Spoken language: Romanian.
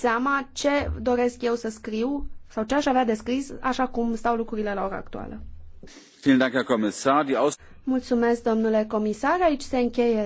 seama ce doresc eu să scriu sau ce aș avea de scris așa cum stau lucrurile la ora actuală. Mulțumesc, domnule comisar. Aici se încheie